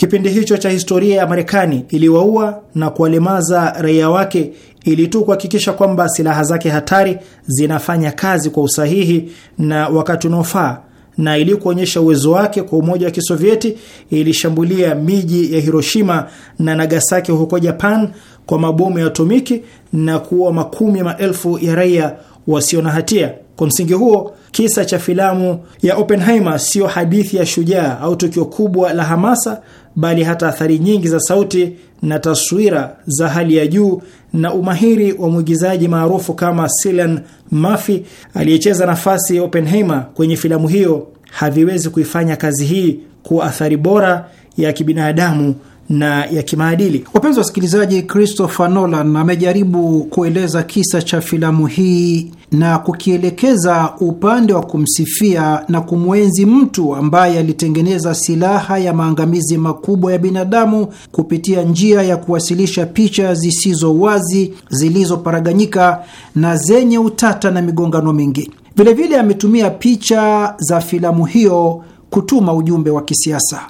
Kipindi hicho cha historia ya Marekani iliwaua na kuwalemaza raia wake ili tu kuhakikisha kwamba silaha zake hatari zinafanya kazi kwa usahihi na wakati unaofaa, na ili kuonyesha uwezo wake kwa Umoja wa Kisovieti ilishambulia miji ya Hiroshima na Nagasaki huko Japan kwa mabomu ya atomiki na kuua makumi maelfu ya raia wasio na hatia. Kwa msingi huo, kisa cha filamu ya Oppenheimer siyo hadithi ya shujaa au tukio kubwa la hamasa bali hata athari nyingi za sauti na taswira za hali ya juu na umahiri wa mwigizaji maarufu kama Cillian Murphy aliyecheza nafasi ya Oppenheimer kwenye filamu hiyo haviwezi kuifanya kazi hii kuwa athari bora ya kibinadamu na ya kimaadili. Wapenzi wasikilizaji, Christopher Nolan amejaribu kueleza kisa cha filamu hii na kukielekeza upande wa kumsifia na kumwenzi mtu ambaye alitengeneza silaha ya maangamizi makubwa ya binadamu kupitia njia ya kuwasilisha picha zisizo wazi, zilizoparaganyika na zenye utata na migongano mingi. Vilevile ametumia picha za filamu hiyo kutuma ujumbe wa kisiasa.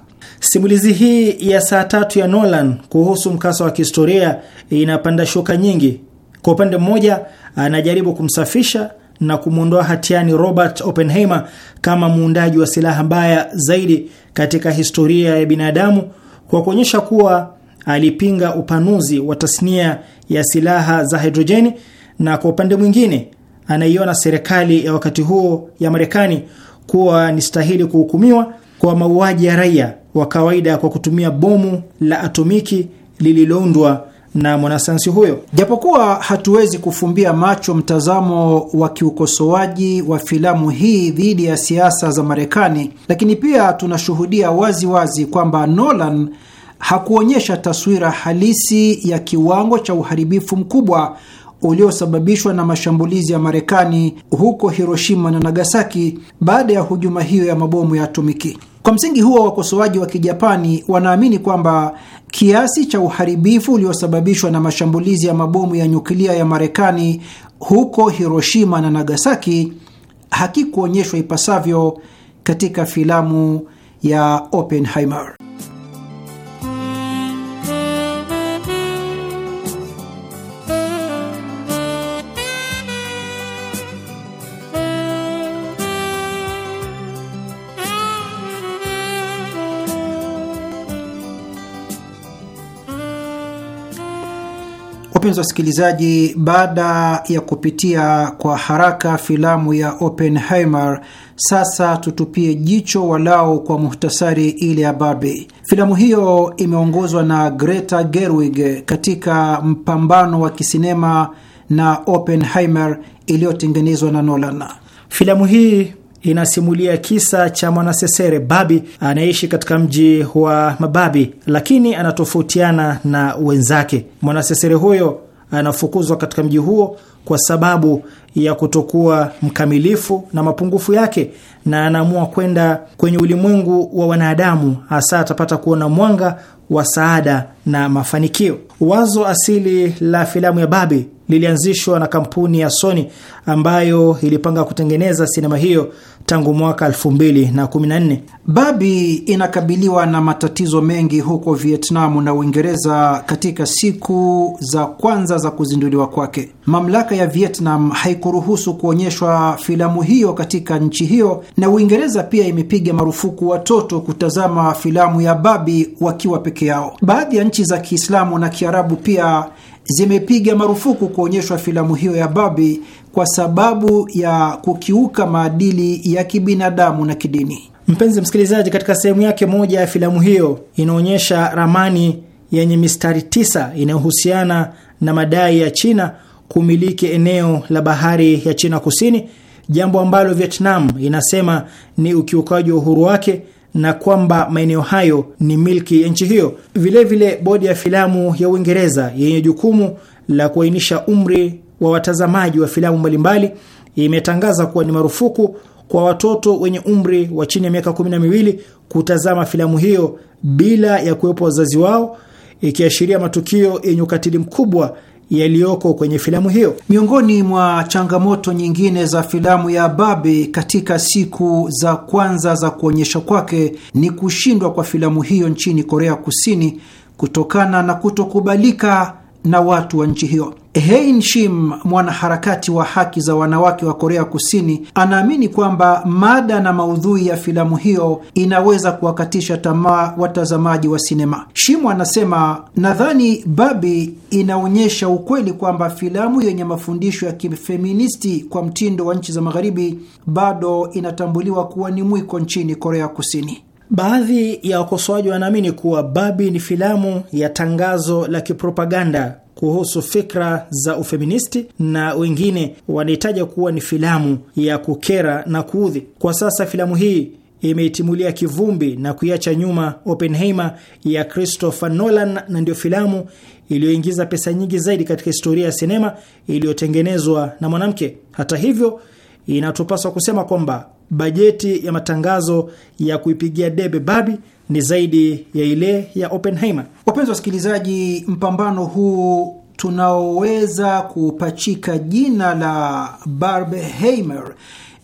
Simulizi hii ya saa tatu ya Nolan kuhusu mkasa wa kihistoria inapanda shuka nyingi. Kwa upande mmoja, anajaribu kumsafisha na kumwondoa hatiani Robert Oppenheimer kama muundaji wa silaha mbaya zaidi katika historia ya binadamu kwa kuonyesha kuwa alipinga upanuzi wa tasnia ya silaha za hidrojeni, na kwa upande mwingine anaiona serikali ya wakati huo ya Marekani kuwa ni stahili kuhukumiwa kwa mauaji ya raia wa kawaida kwa kutumia bomu la atomiki lililoundwa na mwanasayansi huyo. Japokuwa hatuwezi kufumbia macho mtazamo wa kiukosoaji wa filamu hii dhidi ya siasa za Marekani, lakini pia tunashuhudia wazi wazi kwamba Nolan hakuonyesha taswira halisi ya kiwango cha uharibifu mkubwa uliosababishwa na mashambulizi ya Marekani huko Hiroshima na Nagasaki baada ya hujuma hiyo ya mabomu ya atomiki. Kwa msingi huo, wakosoaji wa Kijapani wanaamini kwamba kiasi cha uharibifu uliosababishwa na mashambulizi ya mabomu ya nyuklia ya Marekani huko Hiroshima na Nagasaki hakikuonyeshwa ipasavyo katika filamu ya Oppenheimer. Wapenzi wasikilizaji, baada ya kupitia kwa haraka filamu ya Oppenheimer, sasa tutupie jicho walau kwa muhtasari ile ya Barbie. Filamu hiyo imeongozwa na Greta Gerwig katika mpambano wa kisinema na Oppenheimer iliyotengenezwa na Nolan. Filamu hii inasimulia kisa cha mwanasesere Babi anayeishi katika mji wa Mababi, lakini anatofautiana na wenzake. Mwanasesere huyo anafukuzwa katika mji huo kwa sababu ya kutokuwa mkamilifu na mapungufu yake, na anaamua kwenda kwenye ulimwengu wa wanadamu, hasa atapata kuona mwanga wa saada na mafanikio. Wazo asili la filamu ya Babi lilianzishwa na kampuni ya Sony ambayo ilipanga kutengeneza sinema hiyo tangu mwaka 2014. Babi inakabiliwa na matatizo mengi huko Vietnamu na Uingereza katika siku za kwanza za kuzinduliwa kwake. Mamlaka ya Vietnam haikuruhusu kuonyeshwa filamu hiyo katika nchi hiyo, na Uingereza pia imepiga marufuku watoto kutazama filamu ya Babi wakiwa peke yao. Baadhi ya nchi za Kiislamu na Kiarabu pia zimepiga marufuku kuonyeshwa filamu hiyo ya Barbie kwa sababu ya kukiuka maadili ya kibinadamu na kidini. Mpenzi msikilizaji, katika sehemu yake moja ya filamu hiyo inaonyesha ramani yenye mistari tisa inayohusiana na madai ya China kumiliki eneo la bahari ya China Kusini, jambo ambalo Vietnam inasema ni ukiukaji wa uhuru wake na kwamba maeneo hayo ni milki ya nchi hiyo. Vilevile, bodi ya filamu ya Uingereza yenye jukumu la kuainisha umri wa watazamaji wa filamu mbalimbali imetangaza kuwa ni marufuku kwa watoto wenye umri wa chini ya miaka kumi na miwili kutazama filamu hiyo bila ya kuwepo wazazi wao, ikiashiria matukio yenye ukatili mkubwa yaliyoko kwenye filamu hiyo. Miongoni mwa changamoto nyingine za filamu ya Barbie katika siku za kwanza za kuonyesha kwake ni kushindwa kwa filamu hiyo nchini Korea Kusini kutokana na kutokubalika na watu wa nchi hiyo. Hein Shim, mwanaharakati wa haki za wanawake wa Korea Kusini, anaamini kwamba mada na maudhui ya filamu hiyo inaweza kuwakatisha tamaa watazamaji wa sinema. Shim anasema, nadhani Babi inaonyesha ukweli kwamba filamu yenye mafundisho ya kifeministi kwa mtindo wa nchi za Magharibi bado inatambuliwa kuwa ni mwiko nchini Korea Kusini. Baadhi ya wakosoaji wanaamini kuwa Babi ni filamu ya tangazo la kipropaganda kuhusu fikra za ufeministi na wengine wanahitaja kuwa ni filamu ya kukera na kuudhi. Kwa sasa filamu hii imeitimulia kivumbi na kuiacha nyuma Oppenheimer ya Christopher Nolan, na ndio filamu iliyoingiza pesa nyingi zaidi katika historia ya sinema iliyotengenezwa na mwanamke. Hata hivyo, inatupaswa kusema kwamba bajeti ya matangazo ya kuipigia debe Barbie ni zaidi ya ile ya Oppenheimer. Wapenzi wasikilizaji, mpambano huu tunaoweza kupachika jina la Barbenheimer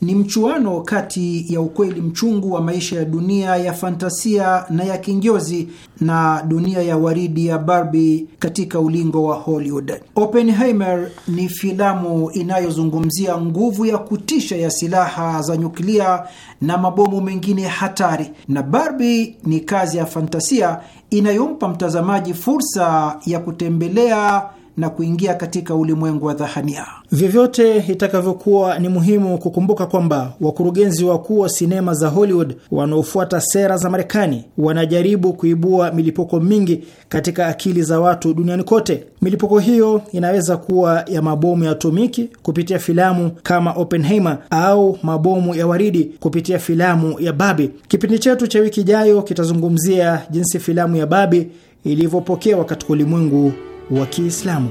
ni mchuano kati ya ukweli mchungu wa maisha ya dunia ya fantasia na ya kinjozi na dunia ya waridi ya Barbie katika ulingo wa Hollywood. Oppenheimer ni filamu inayozungumzia nguvu ya kutisha ya silaha za nyuklia na mabomu mengine hatari, na Barbie ni kazi ya fantasia inayompa mtazamaji fursa ya kutembelea na kuingia katika ulimwengu wa dhahania. Vyovyote itakavyokuwa, ni muhimu kukumbuka kwamba wakurugenzi wakuu wa sinema za Hollywood wanaofuata sera za Marekani wanajaribu kuibua milipuko mingi katika akili za watu duniani kote. Milipuko hiyo inaweza kuwa ya mabomu ya atomiki kupitia filamu kama Oppenheimer au mabomu ya waridi kupitia filamu ya Barbie. Kipindi chetu cha wiki ijayo kitazungumzia jinsi filamu ya Barbie ilivyopokewa katika ulimwengu wa Kiislamu.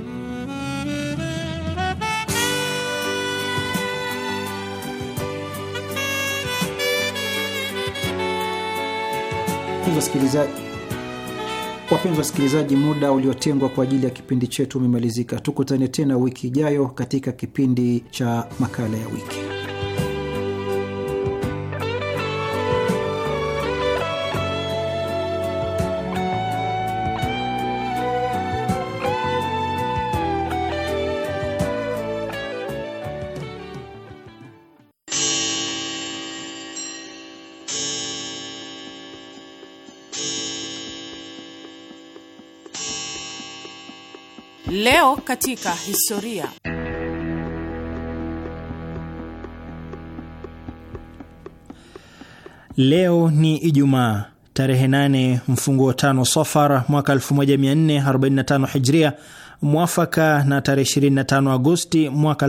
Wapenzi wasikilizaji, muda uliotengwa kwa ajili ya kipindi chetu umemalizika. Tukutane tena wiki ijayo katika kipindi cha makala ya wiki. Leo katika historia. Leo ni Ijumaa tarehe 8 mfunguo tano Sofar mwaka 1445 Hijria, mwafaka na tarehe 25 Agosti mwaka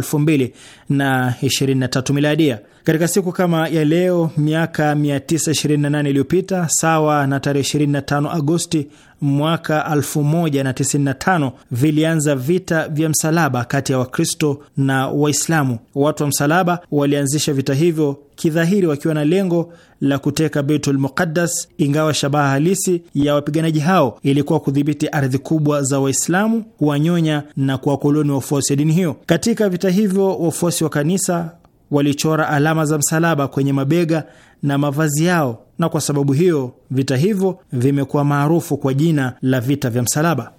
2023 Miladia. Katika siku kama ya leo miaka 928 iliyopita, sawa na tarehe 25 Agosti mwaka 1095 vilianza vita vya msalaba kati ya Wakristo na Waislamu. Watu wa msalaba walianzisha vita hivyo kidhahiri wakiwa na lengo la kuteka Beitul Muqaddas, ingawa shabaha halisi ya wapiganaji hao ilikuwa kudhibiti ardhi kubwa za Waislamu, kuwanyonya na kuwakoloni wafuasi wa dini hiyo. Katika vita hivyo wafuasi wa kanisa walichora alama za msalaba kwenye mabega na mavazi yao, na kwa sababu hiyo vita hivyo vimekuwa maarufu kwa jina la vita vya msalaba.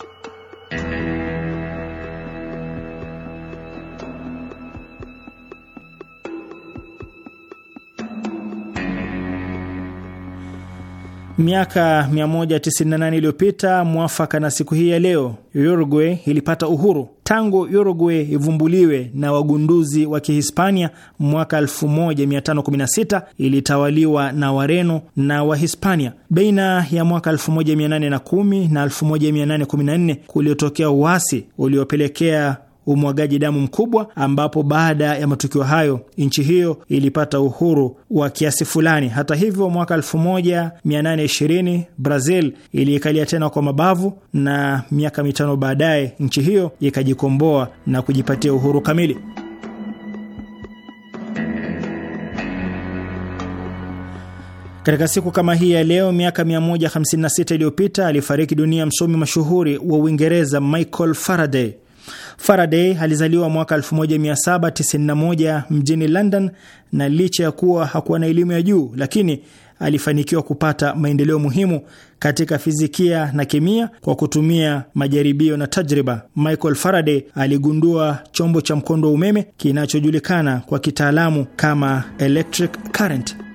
Miaka 198 iliyopita mwafaka na siku hii ya leo, Uruguay ilipata uhuru. Tangu Uruguay ivumbuliwe na wagunduzi wa Kihispania mwaka 1516, ilitawaliwa na Wareno na Wahispania. Baina ya mwaka 1810 na 1814 kuliotokea uasi uliopelekea umwagaji damu mkubwa, ambapo baada ya matukio hayo nchi hiyo ilipata uhuru wa kiasi fulani. Hata hivyo, mwaka 1820 Brazil iliikalia tena kwa mabavu na miaka mitano baadaye nchi hiyo ikajikomboa na kujipatia uhuru kamili. Katika siku kama hii ya leo miaka 156 iliyopita alifariki dunia msomi mashuhuri wa Uingereza Michael Faraday. Faraday alizaliwa mwaka 1791 mjini London, na licha ya kuwa hakuwa na elimu ya juu, lakini alifanikiwa kupata maendeleo muhimu katika fizikia na kemia kwa kutumia majaribio na tajriba. Michael Faraday aligundua chombo cha mkondo wa umeme kinachojulikana kwa kitaalamu kama electric current.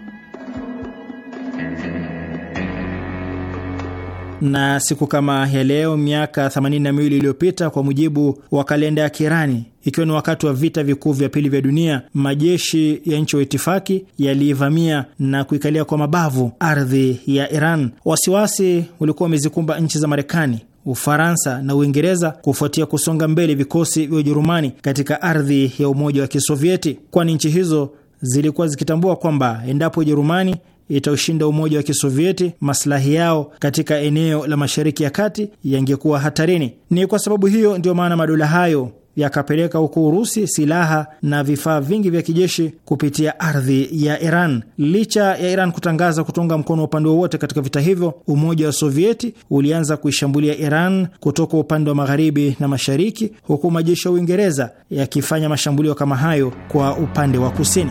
na siku kama ya leo miaka 82 iliyopita kwa mujibu wa kalenda ya Kirani, ikiwa ni wakati wa vita vikuu vya pili vya dunia, majeshi ya nchi wa itifaki yaliivamia na kuikalia kwa mabavu ardhi ya Iran. Wasiwasi ulikuwa umezikumba nchi za Marekani, Ufaransa na Uingereza kufuatia kusonga mbele vikosi vya Ujerumani katika ardhi ya Umoja wa Kisovieti, kwani nchi hizo zilikuwa zikitambua kwamba endapo Ujerumani itaushinda umoja wa Kisovieti, maslahi yao katika eneo la Mashariki ya Kati yangekuwa hatarini. Ni kwa sababu hiyo ndiyo maana madola hayo yakapeleka huko Urusi silaha na vifaa vingi vya kijeshi kupitia ardhi ya Iran. Licha ya Iran kutangaza kutunga mkono upande wowote katika vita hivyo, Umoja wa Sovieti ulianza kuishambulia Iran kutoka upande wa magharibi na mashariki, huku majeshi ya Uingereza yakifanya mashambulio kama hayo kwa upande wa kusini.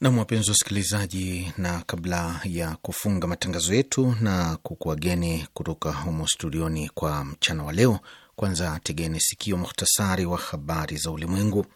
Nam, wapenzi wasikilizaji, na kabla ya kufunga matangazo yetu na kukuageni kutoka humo studioni kwa mchana wa leo, kwanza tegeni sikio muhtasari wa habari za ulimwengu.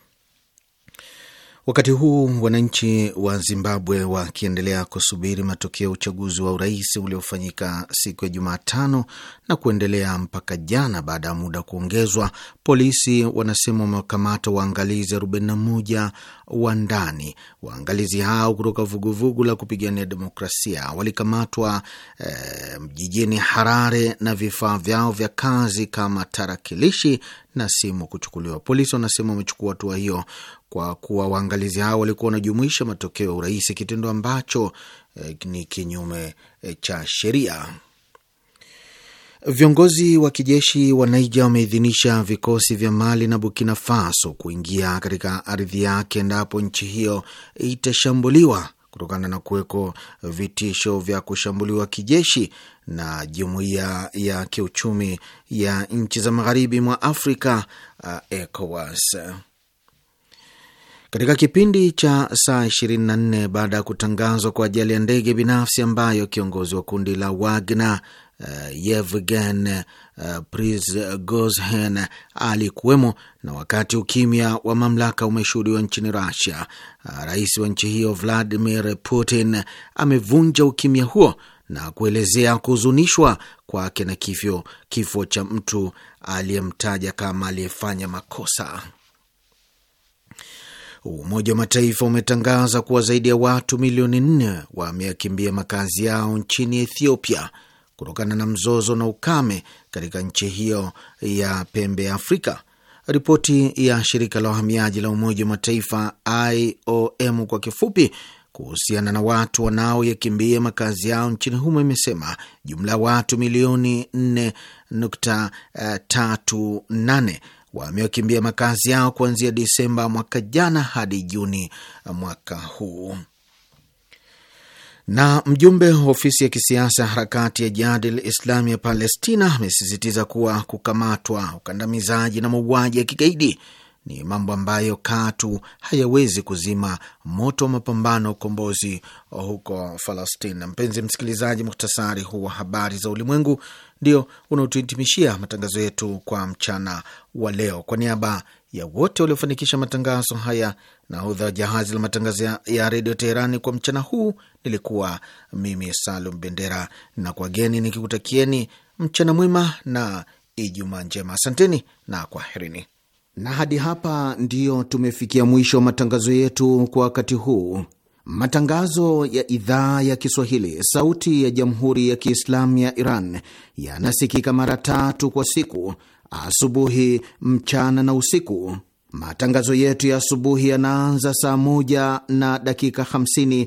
Wakati huu wananchi wa Zimbabwe wakiendelea kusubiri matokeo ya uchaguzi wa urais uliofanyika siku ya Jumatano na kuendelea mpaka jana. Baada ya muda kuongezwa, polisi wanasema wamewakamata waangalizi 41 wa ndani. Waangalizi hao kutoka vuguvugu la kupigania demokrasia walikamatwa eh, jijini Harare na vifaa vyao vya kazi kama tarakilishi na simu kuchukuliwa. Polisi wanasema wamechukua hatua hiyo kwa kuwa waangalizi hao walikuwa wanajumuisha matokeo ya urais, kitendo ambacho eh, ni kinyume eh, cha sheria. Viongozi wa kijeshi wa Naija wameidhinisha vikosi vya Mali na Burkina Faso kuingia katika ardhi yake endapo nchi hiyo itashambuliwa kutokana na kuweko vitisho vya kushambuliwa kijeshi na jumuiya ya kiuchumi ya nchi za magharibi mwa Afrika, uh, ECOWAS. Katika kipindi cha saa 24 baada ya kutangazwa kwa ajali ya ndege binafsi ambayo kiongozi wa kundi la Wagner uh, Yevgen uh, Prigozhin alikuwemo. Na wakati ukimya wa mamlaka umeshuhudiwa nchini rasia uh, eh, rais wa nchi hiyo Vladimir Putin amevunja ukimya huo na kuelezea kuhuzunishwa kwake na kifo kifo cha mtu aliyemtaja kama aliyefanya makosa. Umoja wa Mataifa umetangaza kuwa zaidi ya watu milioni nne wameakimbia makazi yao nchini Ethiopia kutokana na mzozo na ukame katika nchi hiyo ya pembe ya Afrika. Ripoti ya shirika la wahamiaji la Umoja wa Mataifa IOM kwa kifupi kuhusiana na watu wanaoyakimbia makazi yao nchini humo imesema jumla ya watu milioni 4.38 eh, wamewakimbia makazi yao kuanzia Disemba mwaka jana hadi Juni mwaka huu. Na mjumbe wa ofisi ya kisiasa harakati ya Jihadil Islami ya Palestina amesisitiza kuwa kukamatwa, ukandamizaji na mauaji ya kigaidi ni mambo ambayo katu hayawezi kuzima moto wa mapambano ya ukombozi huko Palestina. Mpenzi msikilizaji, muktasari huu wa habari za ulimwengu ndio unaotuhitimishia matangazo yetu kwa mchana wa leo. Kwa niaba ya wote waliofanikisha matangazo haya, nahodha wa jahazi la matangazo ya, ya redio Teherani kwa mchana huu nilikuwa mimi Salum Bendera na kwageni nikikutakieni mchana mwema na Ijumaa njema. Asanteni na kwaherini. Na hadi hapa ndiyo tumefikia mwisho wa matangazo yetu kwa wakati huu. Matangazo ya idhaa ya Kiswahili sauti ya jamhuri ya Kiislamu ya Iran yanasikika mara tatu kwa siku: asubuhi, mchana na usiku. Matangazo yetu ya asubuhi yanaanza saa moja na dakika 50